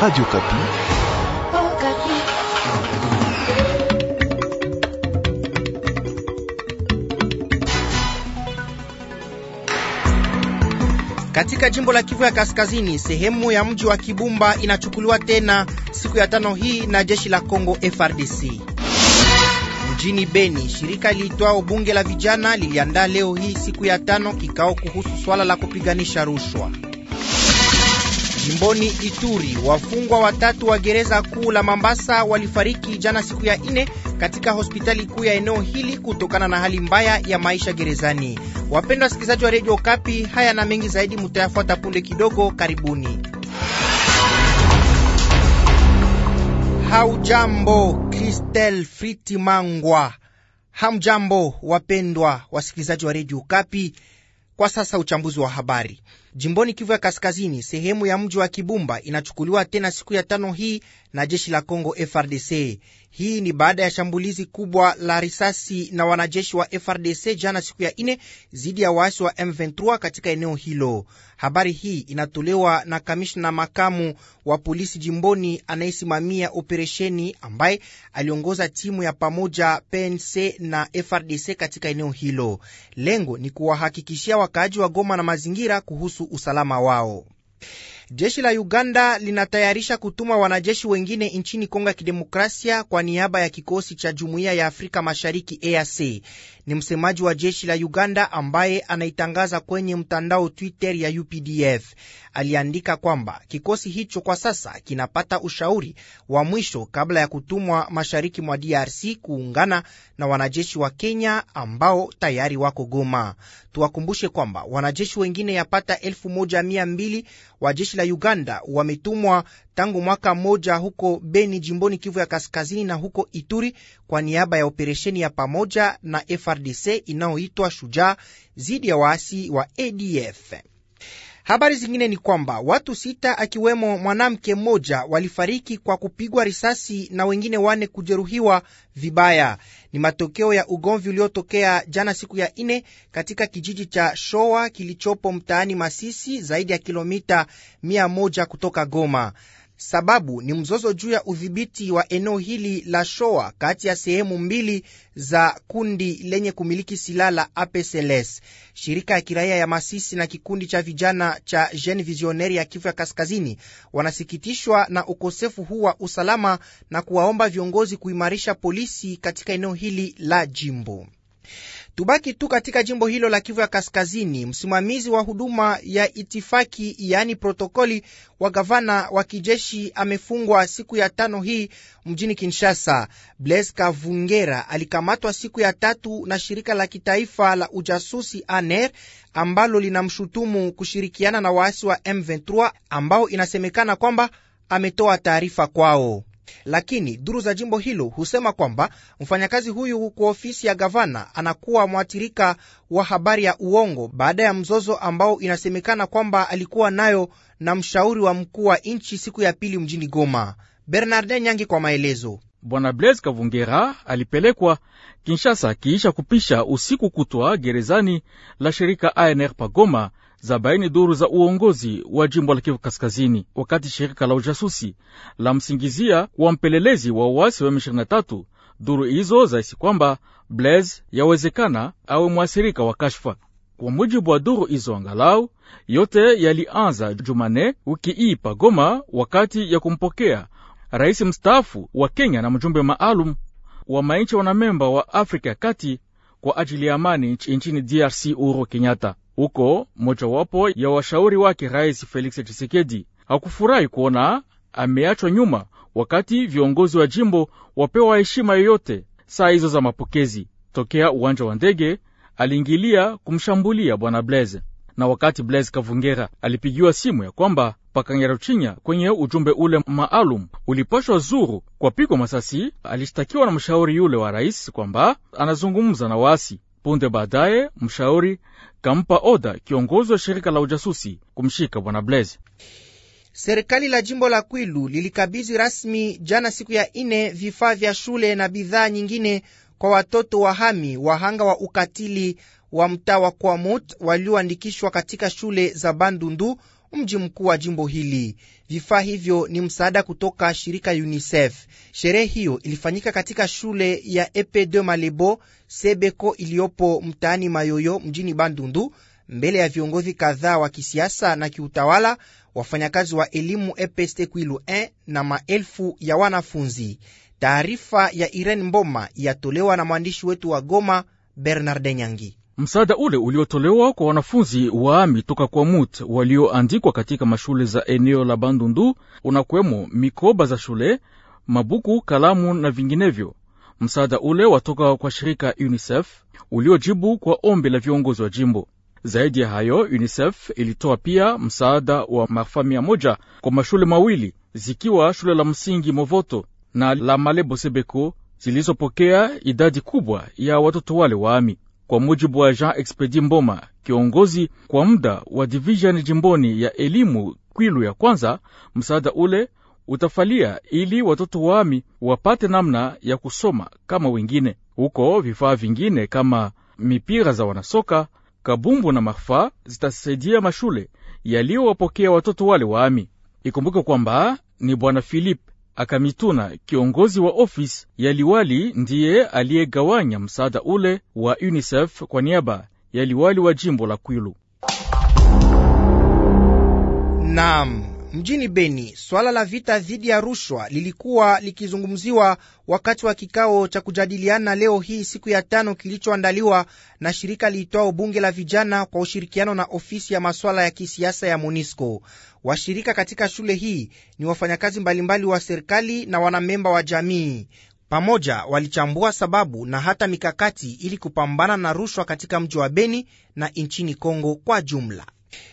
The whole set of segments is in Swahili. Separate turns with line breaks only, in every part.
Radio Kapi. Oh, Kapi.
Katika jimbo la Kivu ya Kaskazini, sehemu ya mji wa Kibumba inachukuliwa tena siku ya tano hii na jeshi la Kongo FRDC. Mjini Beni, shirika liitwao bunge la vijana liliandaa leo hii siku ya tano kikao kuhusu swala la kupiganisha rushwa. Jimboni Ituri, wafungwa watatu wa gereza kuu la Mambasa walifariki jana siku ya ine katika hospitali kuu ya eneo hili kutokana na hali mbaya ya maisha gerezani. Wapendwa wasikilizaji wa Radio Kapi, haya na mengi zaidi mutayafuata punde kidogo. Karibuni. Haujambo, kristel Friti Mangwa. Hamjambo wapendwa wasikilizaji wa Radio Kapi. Kwa sasa uchambuzi wa habari jimboni Kivu ya Kaskazini, sehemu ya mji wa Kibumba inachukuliwa tena siku ya tano hii na jeshi la congo FRDC. Hii ni baada ya shambulizi kubwa la risasi na wanajeshi wa FRDC jana siku ya ine dhidi ya waasi wa M23 katika eneo hilo. Habari hii inatolewa na kamishna makamu wa polisi jimboni anayesimamia operesheni, ambaye aliongoza timu ya pamoja PNC na FRDC katika eneo hilo. Lengo ni kuwahakikishia wakaaji wa Goma na mazingira kuhusu kuhusu usalama wao. Jeshi la Uganda linatayarisha kutuma wanajeshi wengine nchini Kongo ya Kidemokrasia kwa niaba ya kikosi cha Jumuiya ya Afrika Mashariki EAC. Ni msemaji wa jeshi la Uganda ambaye anaitangaza kwenye mtandao Twitter ya UPDF. Aliandika kwamba kikosi hicho kwa sasa kinapata ushauri wa mwisho kabla ya kutumwa mashariki mwa DRC kuungana na wanajeshi wa Kenya ambao tayari wako Goma. Tuwakumbushe kwamba wanajeshi wengine yapata elfu moja mia mbili wa jeshi la Uganda wametumwa tangu mwaka mmoja huko Beni, jimboni Kivu ya Kaskazini, na huko Ituri kwa niaba ya operesheni ya pamoja na FRDC inayoitwa Shujaa dhidi ya waasi wa ADF. Habari zingine ni kwamba watu sita akiwemo mwanamke mmoja walifariki kwa kupigwa risasi na wengine wane kujeruhiwa vibaya. Ni matokeo ya ugomvi uliotokea jana siku ya ine katika kijiji cha Shoa kilichopo mtaani Masisi, zaidi ya kilomita mia moja kutoka Goma. Sababu ni mzozo juu ya udhibiti wa eneo hili la Shoa kati ya sehemu mbili za kundi lenye kumiliki silaha la APCLS, shirika ya kiraia ya Masisi na kikundi cha vijana cha Jeune Visionnaire ya Kivu ya Kaskazini. Wanasikitishwa na ukosefu huu wa usalama na kuwaomba viongozi kuimarisha polisi katika eneo hili la jimbo. Tubaki tu katika jimbo hilo la Kivu ya Kaskazini. Msimamizi wa huduma ya itifaki yaani protokoli wa gavana wa kijeshi amefungwa siku ya tano hii mjini Kinshasa. Blaise Kavungera alikamatwa siku ya tatu na shirika la kitaifa la ujasusi ANER ambalo linamshutumu kushirikiana na waasi wa M23 ambao inasemekana kwamba ametoa taarifa kwao lakini duru za jimbo hilo husema kwamba mfanyakazi huyu kwa ofisi ya gavana anakuwa mwathirika wa habari ya uongo baada ya mzozo ambao inasemekana kwamba alikuwa nayo na mshauri wa mkuu wa
nchi siku ya pili mjini Goma. Bernarde Nyangi kwa maelezo. Bwana Blaise Kavungera alipelekwa Kinshasa akiisha kupisha usiku kutwa gerezani la shirika ANR Pagoma zabaini duru za uongozi wa jimbo la Kivu Kaskazini, wakati shirika la ujasusi la msingizia wa mpelelezi wa uasi wa M23. Duru hizo zaisi kwamba Blaise yawezekana awe mwasirika wa kashfa. Kwa mujibu wa duru hizo, angalau yote yalianza Jumane wiki hii pa Goma, wakati ya kumpokea rais mstaafu wa Kenya na mjumbe maalum wa mainchi wanamemba wa Afrika ya Kati kwa ajili ya amani nchini DRC Uhuru Kenyatta. Huko mojawapo ya washauri wake Rais Felix Tshisekedi hakufurahi kuona ameachwa nyuma, wakati viongozi wa jimbo wapewa heshima yoyote. Saa hizo za mapokezi tokea uwanja wa ndege aliingilia kumshambulia bwana Blaise, na wakati Blaise Kavungera alipigiwa simu ya kwamba Pakanyaruchinya kwenye ujumbe ule maalum ulipashwa zuru kwa pigwa masasi, alishtakiwa na mshauri yule wa rais kwamba anazungumza na waasi. Punde baadaye mshauri kampa oda kiongozi wa shirika la ujasusi kumshika bwana Blaise. Serikali
la jimbo la Kwilu lilikabidhi rasmi jana siku ya ine vifaa vya shule na bidhaa nyingine kwa watoto wa hami wahanga wa ukatili wa mtaa wa Kwamut walioandikishwa katika shule za Bandundu mji mkuu wa jimbo hili. Vifaa hivyo ni msaada kutoka shirika UNICEF. Sherehe hiyo ilifanyika katika shule ya EP2 Malebo Sebeko iliyopo mtaani Mayoyo mjini Bandundu, mbele ya viongozi kadhaa wa kisiasa na kiutawala, wafanyakazi wa elimu EPST Kwilu 1 na maelfu ya wanafunzi. Taarifa ya Irene Mboma yatolewa na mwandishi wetu wa Goma, Bernard Nyangi.
Msaada ule uliotolewa kwa wanafunzi waami toka kwa mut walioandikwa katika mashule za eneo la Bandundu unakwemo mikoba za shule, mabuku, kalamu na vinginevyo. Msaada ule watoka kwa shirika UNICEF uliojibu kwa ombi la viongozi wa jimbo. Zaidi ya hayo, UNICEF ilitoa pia msaada wa mafa mia moja kwa mashule mawili zikiwa shule la msingi Movoto na la Malebo Sebeko zilizopokea idadi kubwa ya watoto wale waami kwa mujibu wa Jean Expedi Mboma, kiongozi kwa muda wa divisheni jimboni ya elimu Kwilu ya kwanza, msaada ule utafalia ili watoto wami wapate namna ya kusoma kama wengine. Huko vifaa vingine kama mipira za wanasoka, kabumbu na mafaa zitasaidia mashule yaliyowapokea watoto wale waami. Ikumbuke kwamba ni Bwana Philip Akamituna, kiongozi wa ofisi ya liwali, ndiye aliyegawanya msaada ule wa UNICEF kwa niaba ya liwali wa jimbo la Kwilu. Naam. Mjini Beni,
swala la vita dhidi ya rushwa lilikuwa likizungumziwa wakati wa kikao cha kujadiliana leo hii siku ya tano kilichoandaliwa na shirika liitwao Bunge la Vijana kwa ushirikiano na ofisi ya maswala ya kisiasa ya MONISCO. Washirika katika shule hii ni wafanyakazi mbalimbali wa serikali na wanamemba wa jamii. Pamoja walichambua sababu na hata mikakati ili kupambana na rushwa katika mji wa Beni na nchini Kongo kwa jumla.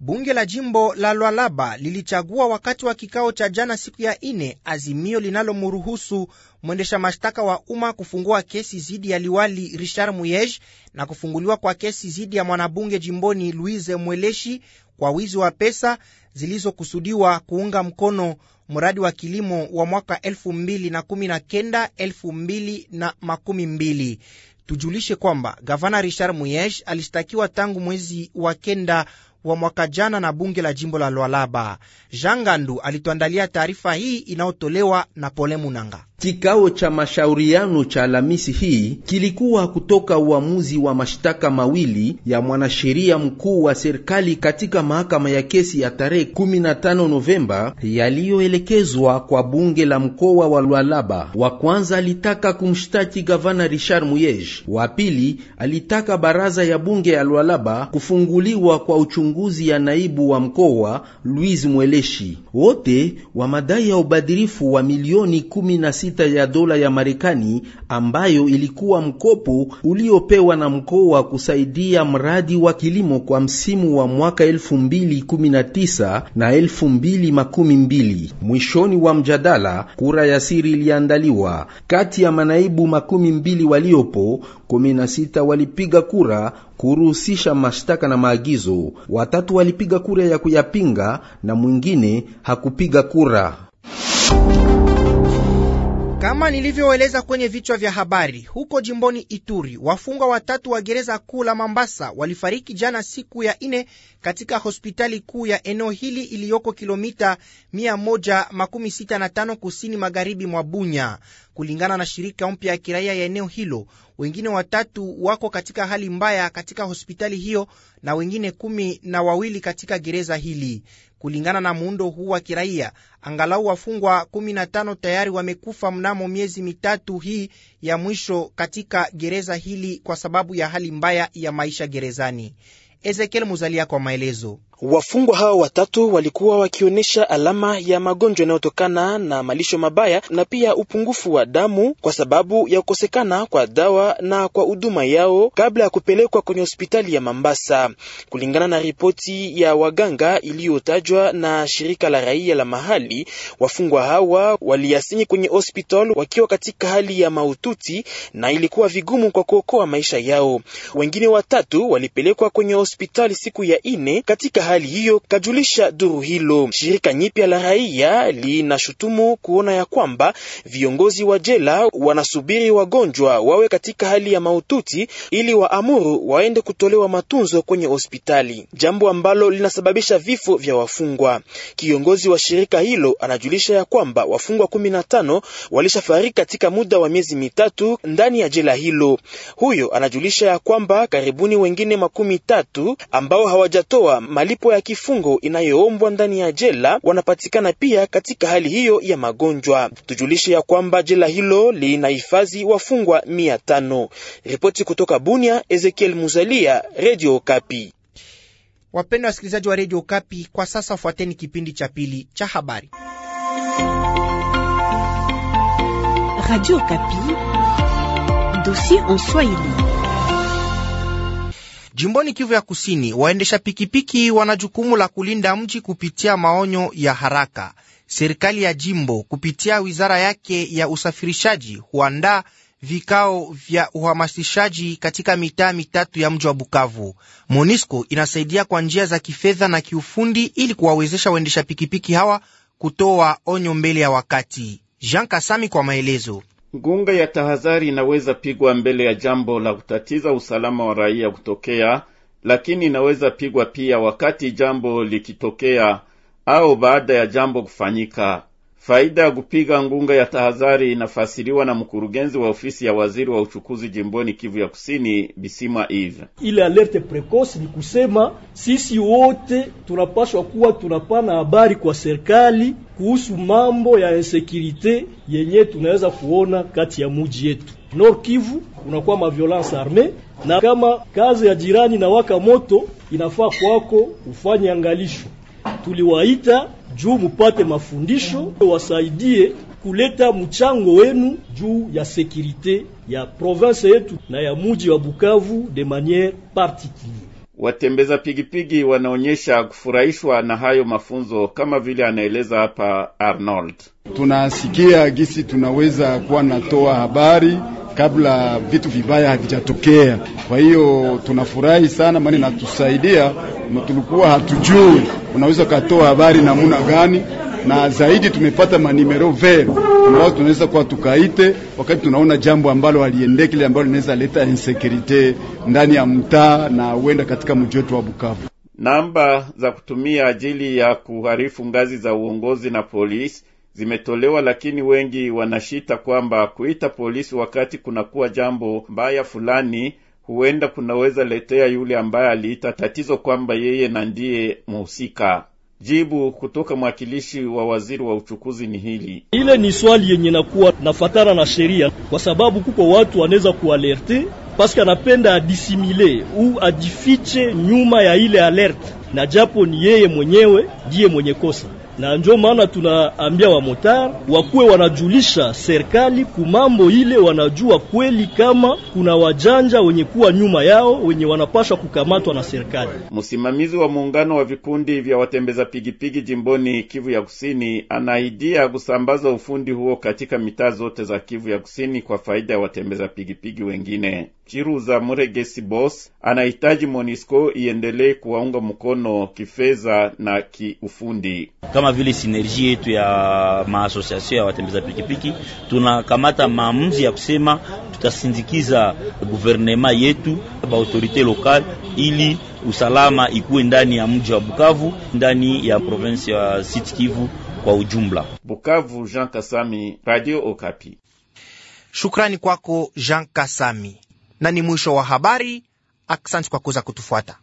Bunge la jimbo la Lwalaba lilichagua wakati wa kikao cha jana siku ya ine azimio linalomruhusu mwendesha mashtaka wa umma kufungua kesi dhidi ya liwali Richard Muyej na kufunguliwa kwa kesi dhidi ya mwanabunge jimboni Louise Mweleshi kwa wizi wa pesa zilizokusudiwa kuunga mkono mradi wa kilimo wa mwaka 2019 2020. Tujulishe kwamba gavana Richard Muyej alishtakiwa tangu mwezi wa kenda wa mwaka jana na bunge la jimbo la Lwalaba. Jangandu alituandalia taarifa hii inayotolewa na Pole Munanga.
Kikao cha mashauriano cha Alhamisi hii kilikuwa kutoka uamuzi wa mashtaka mawili ya mwanasheria mkuu wa serikali katika mahakama ya kesi ya tarehe 15 Novemba yaliyoelekezwa kwa bunge la mkoa wa Lualaba. Wa kwanza alitaka kumshtaki gavana Richard Muyej, wa pili alitaka baraza ya bunge ya Lualaba kufunguliwa kwa uchunguzi ya naibu wa mkoa Louise Mweleshi, wote wa madai ya ubadhirifu wa milioni 16 sita ya dola ya Marekani ambayo ilikuwa mkopo uliopewa na mkoa kusaidia mradi wa kilimo kwa msimu wa mwaka 2019 na 2020. Mwishoni wa mjadala, kura ya siri iliandaliwa. Kati ya manaibu makumi mbili waliopo, 16 walipiga kura kuruhusisha mashtaka na maagizo, watatu walipiga kura ya kuyapinga na mwingine hakupiga kura.
Kama nilivyoeleza kwenye vichwa vya habari, huko jimboni Ituri, wafungwa watatu wa gereza kuu la Mambasa walifariki jana siku ya ine katika hospitali kuu ya eneo hili iliyoko kilomita 165 kusini magharibi mwa Bunya, kulingana na shirika mpya ya kiraia ya eneo hilo. Wengine watatu wako katika hali mbaya katika hospitali hiyo na wengine kumi na wawili katika gereza hili. Kulingana na muundo huu wa kiraia, angalau wafungwa 15 tayari wamekufa mnamo miezi mitatu hii ya mwisho katika gereza hili kwa sababu ya hali mbaya ya maisha gerezani. Ezekiel Muzalia kwa maelezo.
Wafungwa hao watatu walikuwa wakionyesha alama ya magonjwa yanayotokana na malisho mabaya na pia upungufu wa damu kwa sababu ya kukosekana kwa dawa na kwa huduma yao kabla ya kupelekwa kwenye hospitali ya Mambasa. Kulingana na ripoti ya waganga iliyotajwa na shirika la raia la mahali, wafungwa hawa waliasini kwenye hospital wakiwa katika hali ya maututi na ilikuwa vigumu kwa kuokoa maisha yao. Wengine watatu walipelekwa kwenye hospitali siku ya ine katika hali hiyo, kajulisha duru hilo. Shirika nyipya la raia linashutumu kuona ya kwamba viongozi wa jela wanasubiri wagonjwa wawe katika hali ya maututi ili waamuru waende kutolewa matunzo kwenye hospitali, jambo ambalo linasababisha vifo vya wafungwa. Kiongozi wa shirika hilo anajulisha ya kwamba wafungwa 15 walishafariki katika muda wa miezi mitatu ndani ya jela hilo. Huyo anajulisha ya kwamba karibuni wengine makumi tatu ambao hawajatoa mali malipo ya kifungo inayoombwa ndani ya jela wanapatikana pia katika hali hiyo ya magonjwa. Tujulishe ya kwamba jela hilo linahifadhi wafungwa mia tano. Ripoti kutoka Bunia, Ezekiel Muzalia, Redio Kapi.
Wapendwa wasikilizaji wa redio Kapi, kwa sasa fuateni kipindi cha pili cha habari. Radio Kapi, dosie en Swahili. Jimboni Kivu ya Kusini, waendesha pikipiki wana jukumu la kulinda mji kupitia maonyo ya haraka. Serikali ya jimbo kupitia wizara yake ya usafirishaji huandaa vikao vya uhamasishaji katika mitaa mitatu ya mji wa Bukavu. monisco inasaidia kwa njia za kifedha na kiufundi ili kuwawezesha waendesha pikipiki hawa kutoa onyo mbele ya wakati. Jean Kasami kwa maelezo.
Ngunga ya tahadhari inaweza pigwa mbele ya jambo la kutatiza usalama wa raia kutokea, lakini inaweza pigwa pia wakati jambo likitokea au baada ya jambo kufanyika. Faida ya kupiga ngunga ya tahadhari inafasiriwa na mkurugenzi wa ofisi ya waziri wa uchukuzi jimboni Kivu ya Kusini, Bisima Eve.
Ile alerte precoce ni kusema sisi wote tunapaswa kuwa tunapana habari kwa serikali kuhusu mambo ya insekirite yenye tunaweza kuona kati ya muji yetu Nord Kivu, kunakuwa maviolence arme, na kama kazi ya jirani na waka moto inafaa kwako ufanye angalisho. Tuliwaita juu mupate mafundisho, wasaidie kuleta mchango wenu juu ya sekirite ya
province yetu na ya muji wa Bukavu de maniere particulier. Watembeza pigipigi wanaonyesha kufurahishwa na hayo mafunzo, kama vile anaeleza hapa Arnold. Tunasikia gisi tunaweza kuwa natoa habari kabla vitu vibaya havijatokea. Kwa hiyo tunafurahi sana, maana inatusaidia, tulikuwa hatujui unaweza ukatoa habari namuna gani, na zaidi tumepata manimero ver ambao tunaweza kuwa tukaite wakati tunaona jambo ambalo aliendekile ambalo linaweza leta insekurite ndani ya mtaa na huenda katika mji wetu wa Bukavu. Namba za kutumia ajili ya kuharifu ngazi za uongozi na polisi zimetolewa, lakini wengi wanashita kwamba kuita polisi wakati kunakuwa jambo mbaya fulani huenda kunaweza letea yule ambaye aliita tatizo kwamba yeye na ndiye mhusika. Jibu kutoka mwakilishi wa waziri wa uchukuzi ni hili:
ile ni swali yenye nakuwa nafatana na sheria, kwa sababu kuko watu wanaweza kualerte paske anapenda adisimile u ajifiche nyuma ya ile alerte, na japo ni yeye mwenyewe ndiye mwenye kosa na ndio maana tunaambia wa motar wakuwe wanajulisha serikali kumambo ile, wanajua kweli kama kuna wajanja wenye kuwa nyuma yao wenye wanapaswa kukamatwa na serikali.
Msimamizi wa muungano wa vikundi vya watembeza pigipigi jimboni Kivu ya Kusini anaidia kusambaza ufundi huo katika mitaa zote za Kivu ya Kusini kwa faida ya watembeza pigipigi wengine. Chiruza Muregesi Boss anahitaji Monisco iendelee kuwaunga mkono kifedha na kiufundi, kama vile sinergie yetu ya maasosiasio ya watembeza pikipiki. Tunakamata maamuzi ya kusema tutasindikiza guvernema yetu ba autorite lokale ili usalama ikuwe ndani ya mji wa Bukavu, ndani ya provinsi ya Sud Kivu kwa ujumla. Bukavu, Jean Kasami, Radio Okapi.
Shukrani kwako Jean Kasami na ni mwisho wa habari. Aksanti kwa kuweza kutufuata.